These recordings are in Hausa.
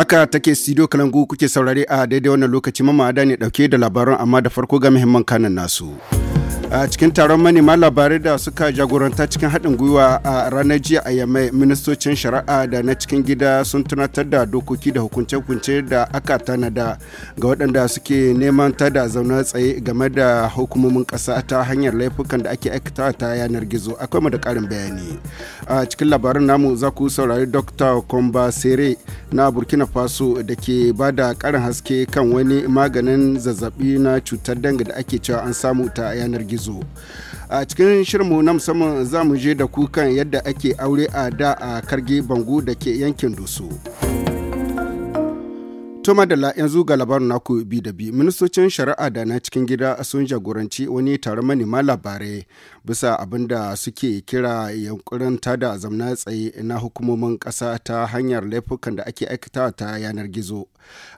Aka take studio kalangu kuke saurare a daidai wannan lokaci da ne dauke da labaran amma da farko ga muhimman kanan nasu. a cikin taron manema labarai da suka jagoranta cikin haɗin gwiwa a ranar jiya a yamai ministocin shari'a da na cikin gida sun tunatar da dokoki da hukunce-hukunce da aka tanada ga waɗanda suke neman ta da zaune tsaye game da hukumomin ƙasa ta hanyar laifukan da ake aikata ta yanar gizo akwai mu da ƙarin bayani a cikin labarin namu za ku saurari dr komba sere na burkina faso da ke ba da ƙarin haske kan wani maganin zazzabi na cutar danga da ake cewa an samu ta yanar gizo gizo a cikin shirmu na musamman za mu je da kukan yadda ake aure a da a karge bangu da ke yankin doso. To madalla yanzu ga labarin naku bi da bi ministocin shari'a da na cikin gida sun jagoranci wani taron manema labarai bisa abin da suke kira yankurin tada zamna tsaye na hukumomin ƙasa ta hanyar laifukan da ake aikata ta yanar gizo.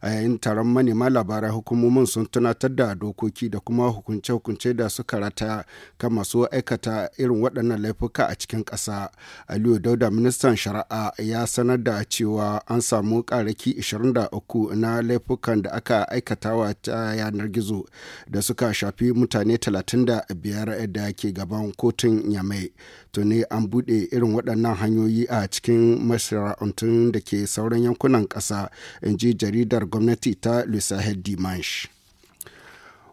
A yayin taron manema labarai hukumomin sun tunatar da dokoki da kuma hukunce-hukunce da suka rata kan masu aikata irin waɗannan laifuka a cikin ƙasa. Aliyu Dauda ministan shari'a ya sanar da cewa an samu ƙaraki 23 na laifukan da aka aikatawa ta yanar gizo da suka shafi mutane 35 da ke gaban kotun yamai ne an buɗe irin waɗannan hanyoyi a cikin masarautun da ke sauran yankunan ƙasa in ji jaridar gwamnati ta lusahel dimanche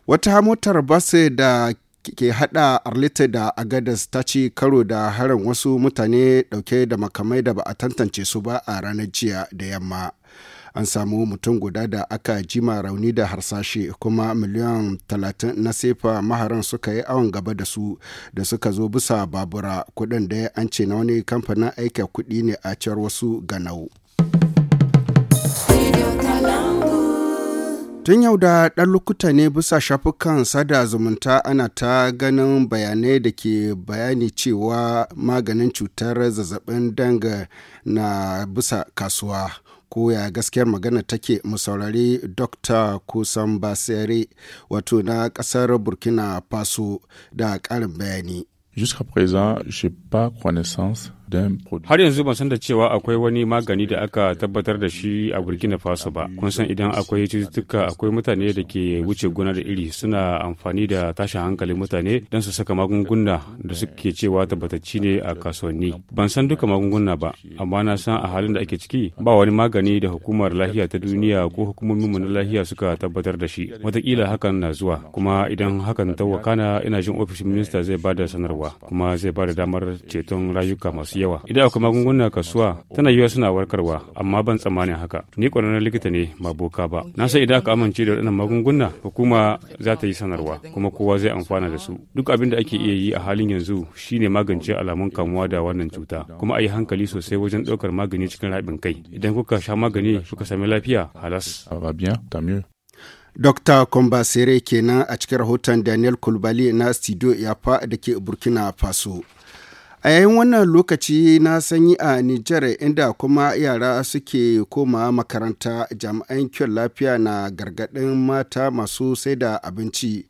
wata motar bas da ke hada arlita da agadas ta ce karo da harin wasu mutane dauke da makamai da ba a tantance su ba a ranar jiya da yamma an samu mutum guda da aka jima rauni da harsashe kuma miliyan 30 na sefa maharan suka yi awon gaba da su da suka zo bisa babura kudin da an ce na wani kamfanin aika kudi ne a cewar wasu ganau. Tun yau da ɗan lokuta ne bisa shafukan sada zumunta ana ta ganin bayanai da ke bayani cewa maganin cutar zazzabin danga na bisa kasuwa. ko ya gaskiyar magana take musaurari saurari dr kusan basere wato na kasar burkina faso da karin bayani jusqu'à présent j'ai pas connaissance Har yanzu ban san da cewa akwai wani magani da aka tabbatar da shi a Burkina Faso ba. Kun san idan akwai cututtuka akwai mutane da ke wuce gona da iri suna amfani da tashin hankalin mutane don su saka magunguna da suke cewa tabbatacci ne a kasuwanni. Ban san duka magunguna ba, amma na san a halin da ake ciki ba wani magani da hukumar lafiya ta duniya ko hukumomin mu na lafiya suka tabbatar da shi. Wataƙila hakan na zuwa, kuma idan hakan ta wakana ina jin ofishin minista zai ba da sanarwa, kuma zai ba da damar ceton rayuka masu yawa idan akwai magunguna kasuwa tana yiwa suna warkarwa amma ban tsammanin haka ni kwararren likita ne ba boka ba na san idan aka amince da waɗannan magunguna hukuma za ta yi sanarwa kuma kowa zai amfana da su duk abin da ake iya yi a halin yanzu shine magance alamun kamuwa da wannan cuta kuma a yi hankali sosai wajen ɗaukar magani cikin raɓin kai idan kuka sha magani kuka sami lafiya halas Dr. Sere kenan a cikin rahoton Daniel Kulbali na studio Yafa da ke Burkina Faso. A yayin wannan lokaci na sanyi a Nijar inda kuma yara suke koma makaranta jami'an kyan lafiya na gargaɗin mata masu sai da abinci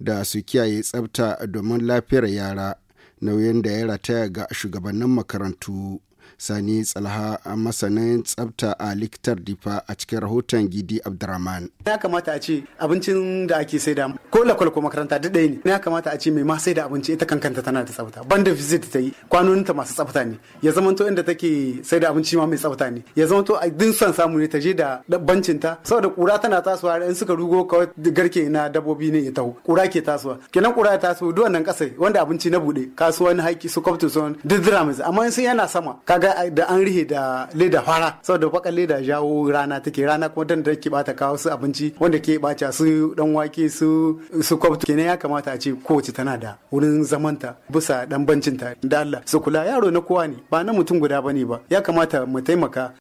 da su kiyaye tsabta domin lafiyar yara nauyin da ya rataya ga shugabannin makarantu. Sani Tsalha masanin tsafta a likitar difa a cikin rahoton Gidi Abdurrahman. Ya kamata a ce abincin da ake saida dole kwalko ko makaranta duk ɗaya ne ya kamata a ce mai ma sai da abinci ita kankanta tana da tsafta banda visit ta yi kwanoninta masu tsafta ne ya zamanto inda take sai da abinci ma mai tsafta ne ya zamanto a din son samu ne ta je da bancinta saboda kura tana tasowa in suka rugo kawai garke na dabbobi ne ya taho kura ke tasowa kenan kura ya taso duk wannan kasai wanda abinci na buɗe kasuwan haiki su kwaftu son duk mai amma sun yana sama kaga da an rihe da leda fara saboda bakan leda jawo rana take rana kuma dan da ke bata kawo su abinci wanda ke baca su dan wake su su kwabtu kenan ya kamata a ce kowace tana da wurin zamanta bisa ɗan bancin da Allah su kula yaro na kowa ne ba na mutum guda bane ba ya kamata mu taimaka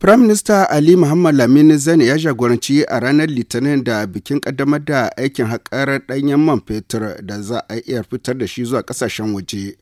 Prime Minister Ali Muhammad Lamini Zane ya jagoranci a ranar Litinin da bikin kaddamar da aikin haƙar ɗanyen man fetur da za a iya fitar da shi zuwa ƙasashen waje.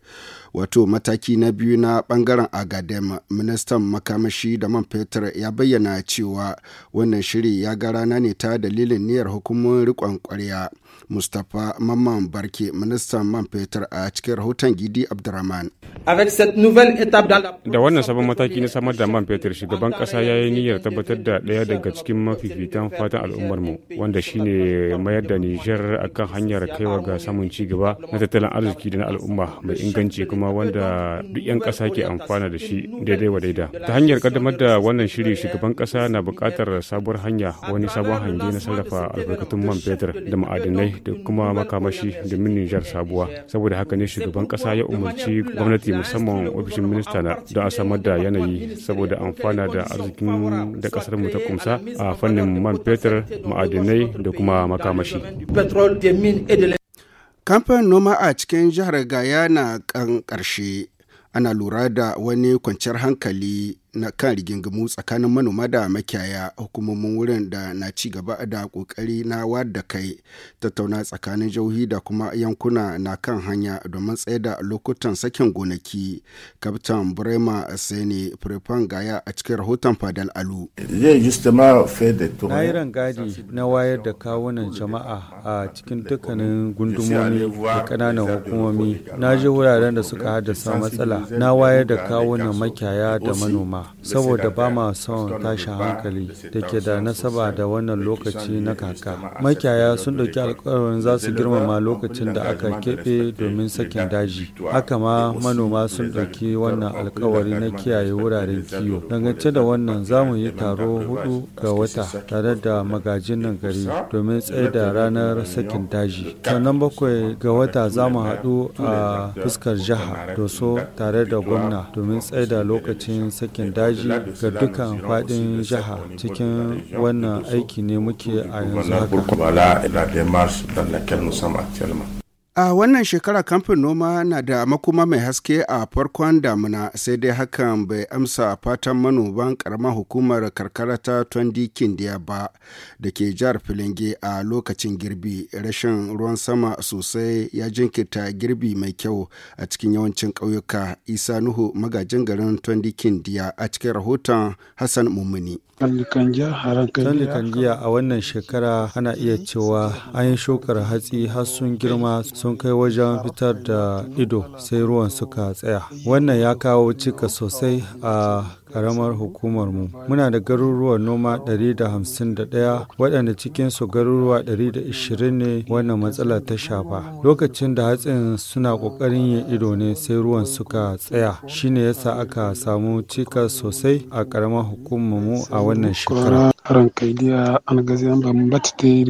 Wato mataki na biyu na ɓangaren Agadem, ministan makamashi da man fetur ya bayyana cewa wannan shiri ya ga rana ne ta dalilin niyyar hukumomin riƙon ƙwarya. Mustapha Mamman Barke, ministan man fetur a cikin rahoton Gidi Abdurrahman. Da wannan sabon mataki na samar da man fetur shugaban kasa ya yi niyyar tabbatar da ɗaya daga cikin mafifitan fatan al'ummarmu wanda shine mayar da Nijar akan hanyar kaiwa ga samun ci gaba na tattalin arziki da na al'umma mai inganci kuma wanda duk 'yan ƙasa ke amfana da shi daidai wa daida. Ta hanyar kaddamar da wannan shiri shugaban ƙasa na buƙatar sabuwar hanya wani sabon hange na sarrafa albarkatun man fetur da ma'adinai da kuma makamashi domin Nijar sabuwa. Saboda haka ne shugaban ƙasa ya umarci gwamnati aiki musamman ofishin minista na don a samar da yanayi saboda amfana da arzikin da kasar mu ta kumsa a fannin man fetur ma'adinai da kuma makamashi kamfen noma a cikin jihar gaya na kan karshe ana lura da wani kwanciyar hankali na kan rigingimu tsakanin manoma da makiyaya hukumomin wurin da na ci gaba da kokari na wadda kai tattauna tsakanin jauhi da kuma yankuna na kan hanya domin tsaye da lokutan sakin gonaki kaftan brema sene prefan gaya a cikin rahoton fadal alu na yi rangadi na wayar da kawunan jama'a a cikin dukkanin gundumomi da kananan hukumomi na je wuraren da suka haddasa matsala na wayar da kawunan makiyaya da manoma saboda ba ma son tashin hankali da ke da nasaba da wannan lokaci na kaka. Makiyaya sun ɗauki alkawarin za su girmama lokacin da aka keɓe domin sakin daji. Haka ma manoma sun ɗauki wannan alkawari na kiyaye wuraren kiwo. Dangance da wannan za mu yi taro hudu ga wata tare da magajin nan gari domin tsaye da ranar sakin daji. Sannan bakwai ga wata za mu haɗu a fuskar jiha doso tare da gwamna domin tsaye da lokacin sakin daji ga dukkan faɗin jiha cikin wannan aiki ne muke a yanzu haka. A wannan shekara kamfin noma na da makoma mai haske a farkon damuna sai dai hakan bai amsa fatan manoman karamar hukumar karkara ta Twandi Kindiya ba da ke jihar Filinge a lokacin girbi rashin ruwan sama sosai ya jinkirta girbi mai kyau a cikin yawancin ƙauyuka Isa Nuhu magajin garin tondikin Kindiya a cikin rahoton Hassan Mummuni. Tallikan jiya a wannan shekara ana iya cewa an yi shukar hatsi har sun girma sun kai wajen fitar da ido sai ruwan suka tsaya. Wannan ya kawo cika sosai a karamar hukumarmu. Muna da garuruwan noma 151 waɗanda cikinsu garuruwa 120 ne wannan matsala ta shafa. Lokacin da hatsin suna ƙoƙarin yin ido ne sai ruwan suka tsaya. Shine yasa aka samu cikas sosai a karamar hukumarmu a wannan shekara. Ranka idiya an gazi ba ta yi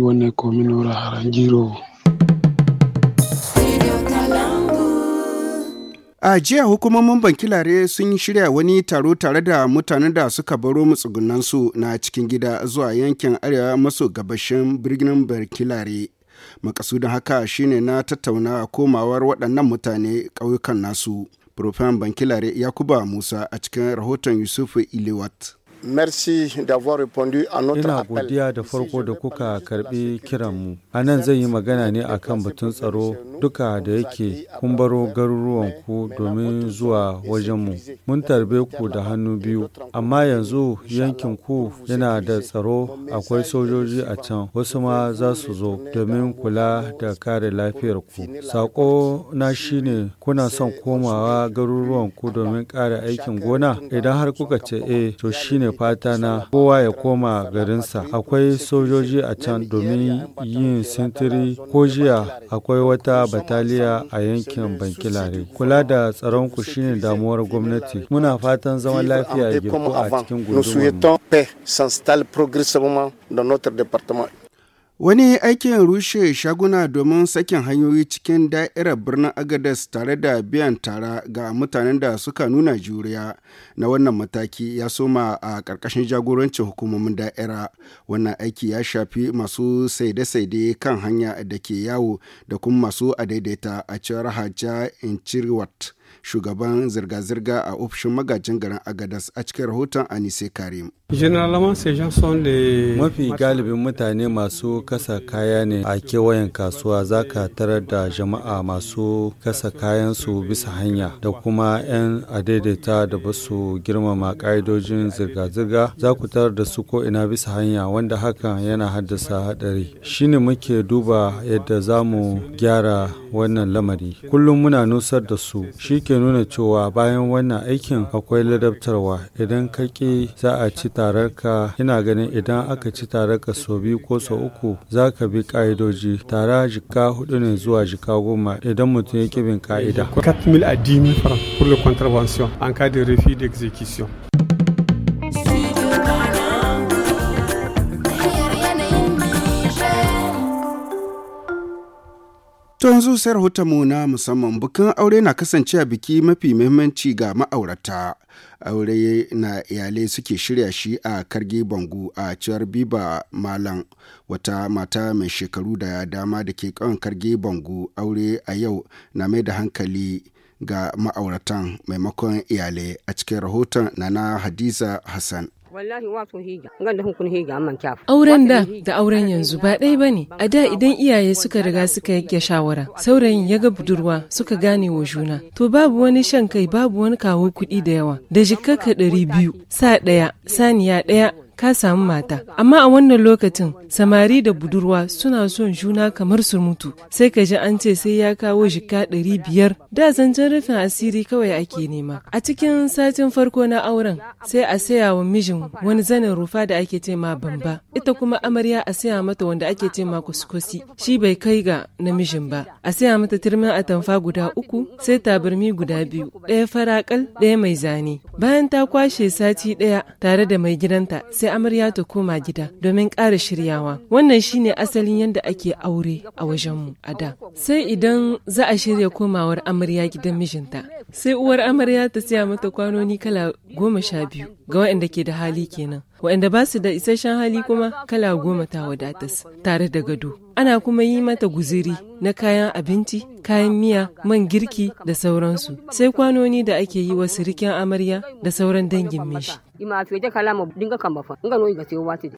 A jiya hukumomin bankilare sun shirya wani taro tare da mutanen da suka baro matsugunansu na cikin gida zuwa yankin arewa maso gabashin birnin bankilare. Makasudin haka shine na tattauna komawar waɗannan mutane ƙauyukan nasu. Profan bankilare Yakuba Musa a cikin rahoton Yusufu iliwat Merci d'avoir répondu à notre Ina godiya da farko da kuka karbi kiranmu. A nan zan yi magana ne akan batun tsaro duka da yake kun baro garuruwanku domin zuwa wajenmu. Mun tarbe ku da hannu biyu, amma yanzu yankin ku yana da tsaro akwai sojoji a can wasu ma za su zo domin kula da kare lafiyar ku. Sako na shine kuna son komawa garuruwanku domin kare aikin gona? Idan har kuka ce eh to shine ne fata na kowa ya koma garinsa. Akwai sojoji a can domin yin sintiri ko jiya akwai wata bataliya a yankin Bankilare. Kula da tsaron ku shine damuwar gwamnati. Muna fatan zaman lafiya ya a cikin gudunmu Wani aikin rushe shaguna domin sakin hanyoyi cikin da'irar birnin Agadas tare da biyan tara ga mutanen da suka nuna juriya na wannan mataki ya soma a ƙarƙashin jagorancin hukumomin da'ira. Wannan aiki ya shafi masu saide-saide kan hanya da ke yawo da kuma masu adaidaita a cewar Hajja Inchirwat. shugaban zirga-zirga a ofishin magajin garin agadas a cikin rahoton anise karim mafi galibin mutane masu kasa kaya ne a kewayen kasuwa za ka tarar da jama'a masu kasa kayan su bisa hanya da kuma 'yan adaidaita da ba su girmama ka'idojin zirga-zirga za ku tarar da su ko'ina bisa hanya wanda hakan yana haddasa haɗari shine muke duba yadda za mu gyara wannan lamari kullum muna nusar da su shi shi ke nuna cewa bayan wannan aikin akwai ladabtarwa idan ka ƙi za a ci tararka ina ganin idan aka ci tararka sau biyu ko sau uku za ka bi ƙa'idoji tara jika hudu ne zuwa jika goma idan mutum ya ƙi bin ƙa'ida. 4 000 a dimi 000 pour le contravention en cas de refus d'exécution. To yanzu sai rahotonmu na musamman bukin aure na kasance a biki mafi muhimmanci ga ma'aurata. Aure na iyalai suke shirya shi a karge bangu a ciyar biba malam wata mata mai shekaru da dama da ke kan karge bangu aure a yau na mai da hankali ga ma'auratan maimakon iyalai a cikin rahoton na na Hadiza Hassan. Auren da da auren yanzu ba ɗaya ba ne. A da idan iyaye suka riga suka yake shawara, saurayin ya ga budurwa suka gane wa juna. To babu wani shan kai babu wani kawo kuɗi da yawa. Da jikaka ɗari biyu, sa ɗaya, saniya ɗaya, ka samu mata amma a wannan lokacin samari da budurwa suna son juna kamar su mutu sai ka ji an ce sai ya kawo jika ɗari biyar da zancen rufin asiri kawai ake nema a cikin satin farko na auren sai a saya wa mijin wani zanin rufa da ake ce ma bamba ita kuma amarya a saya mata wanda ake ce ma kuskusi shi bai kai ga namijin ba a saya mata turmin atamfa guda uku sai tabarmi guda biyu ɗaya farakal ɗaya mai zane bayan ta kwashe sati ɗaya tare da mai gidanta sai sai amarya ta koma gida domin ƙara shiryawa. Wannan shine asalin yadda ake aure a wajenmu a da. Sai idan za a shirya komawar amarya gidan mijinta. Sai uwar amarya ta siya mata kwanoni kala goma sha biyu ga waɗanda ke da hali kenan. waɗanda ba su da isasshen hali kuma kala goma ta wadatas tare da gado ana kuma yi mata guziri na kayan abinci kayan miya man girki da sauransu sai kwanoni da ake yi wa sirikin amarya da sauran dangin mishi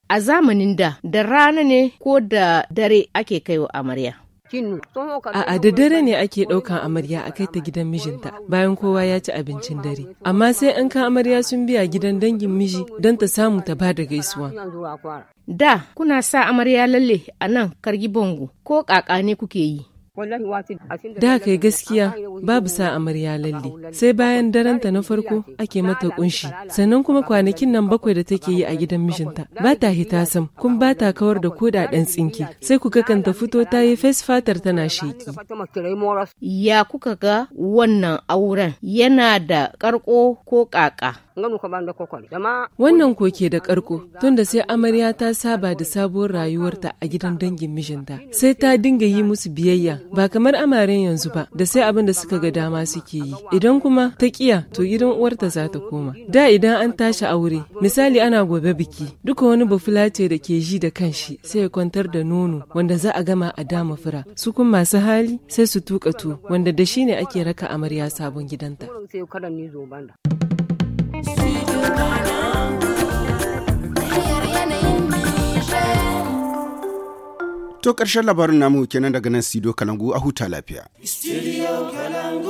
a zamanin da da rana ne ko da dare ake kaiwa amarya A'a da dare ne ake ɗaukan amarya a kai ta gidan mijinta bayan kowa ya ci abincin dare. Amma sai an kan amarya sun biya gidan dangin miji don ta samu ta ba da gaisuwa. Da kuna sa amarya lalle a nan kargi bongo ko ƙaƙa ne kuke yi. Da kai gaskiya babu sa amarya lalle sai bayan daranta na farko ake mata kunshi sannan kuma kwanakin nan bakwai da take yi a gidan mijinta ba ta hita sam kun ba ta kawar da koda dan tsinki sai ku ga kanta fito ta yi face fatar tana sheki. Ya kuka ga wannan auren yana da karko ko kaka. Wannan ko ke da karko tunda sai amarya ta saba da sabuwar rayuwarta a gidan dangin mijinta sai ta dinga yi musu biyayya ba kamar amaren yanzu ba da sai abin da suka ga dama suke yi idan kuma ta kiya to gidan uwarta za ta koma da idan an tashi aure misali ana gobe biki duka wani bafulace da ke ji da kanshi sai ya kwantar da nono wanda za a gama a dama fura su kun masu hali sai su tuka tu, wanda da shi ne ake raka amarya sabon gidanta. To ƙarshen labarin namu kenan daga nan Sido Kalangu a huta lafiya. Studio Kalangu.